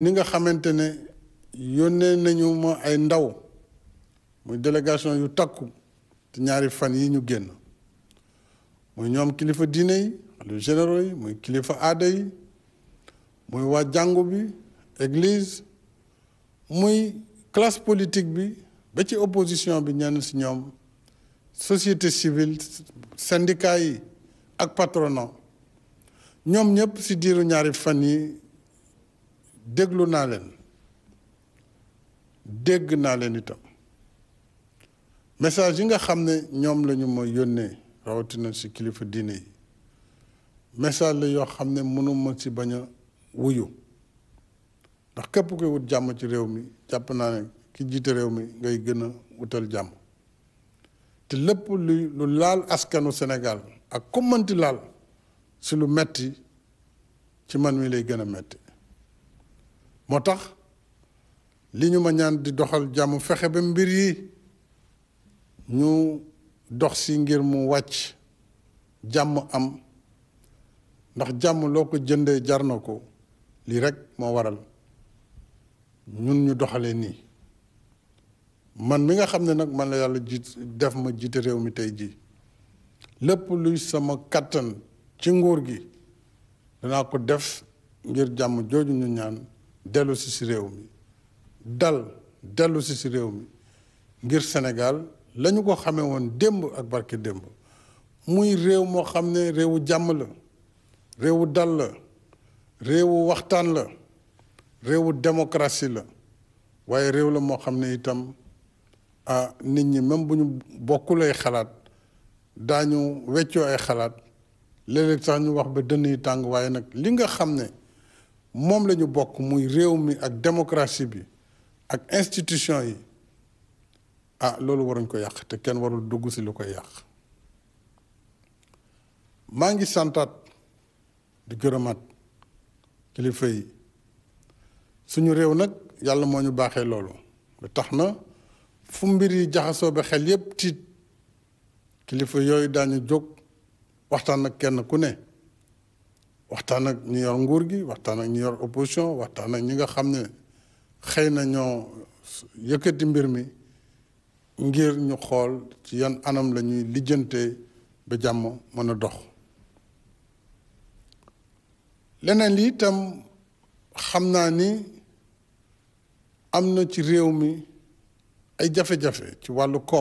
ni nga xamante ne yónnee nañu ma ay ndaw muy délégation yu takku te ñaari fan yi ñu génn muy ñoom kilifa diine yi lu généraux yi muy kilifa aada yi muy waa jàngu bi église muy classe politique bi ba ci opposition bi ñenn si ñoom société civile syndicat yi ak patronat ñoom ñëpp si diiru ñaari fan yi déglu naa leen dégg naa leen itam message yi nga xam ne ñoom lañu ñu ma yónnee rawatina ci kilifa diine yi message la yoo xam ne mënuma ci bañ a wuyu ndax képp koy wut jàmm ci réew mi jàpp naa ne ki jiite réew mi ngay gën a wutal jàmm te lépp lu lu laal askanu senegal ak ku mënti laal si lu metti ci man mi lay gën a metti moo tax li ñu ma ñaan di doxal jàmm fexe ba mbir yi ñu dox si ngir mu wàcc jàmm am ndax jàmm loo ko jëndee jar na ko lii rek moo waral ñun ñu doxalee nii man mi nga xam ne nag man la yàlla jiit def ma jiite réew mi tey jii lépp luy sama kàttan ci nguur gi danaa ko def ngir jàmm jooju ñu ñaan dellu si si réew mi dal dellu si si réew mi ngir Sénégal lañu ko xamee woon démb ak barke démb muy réew moo xam ne réewu jàmm la réewu dal la réewu waxtaan la réewu démocratie la waaye réew la moo xam ne itam ah nit ñi même bu ñu bokkulay xalaat daañu weccoo ay xalaat léeg sax ñu wax ba dënn yi tàng waaye nag li nga xam ne moom lañu bokk muy réew mi ak démocratie bi ak institution yi ah loolu waruñ ko yàq te kenn warul dugg si lu koy yàq maa ngi santaat di gërëmaat kilifa yi suñu réew nag yàlla moo ñu baaxee loolu ba tax na fu mbir yi jaxasoo bi xel yépp tiit kilifa yooyu daañu jóg waxtaan ak kenn ku ne waxtaan ak ñu yor nguur gi waxtaan ak ñu yor opposition waxtaan ak ñi nga xam ne xëy na ñoo yëkkati mbir mi ngir ñu xool ci yan anam la ñuy lijjantee ba jàmm mën a dox leneen li itam xam naa ni am na ci réew mi ay jafe-jafe ci wàllu ko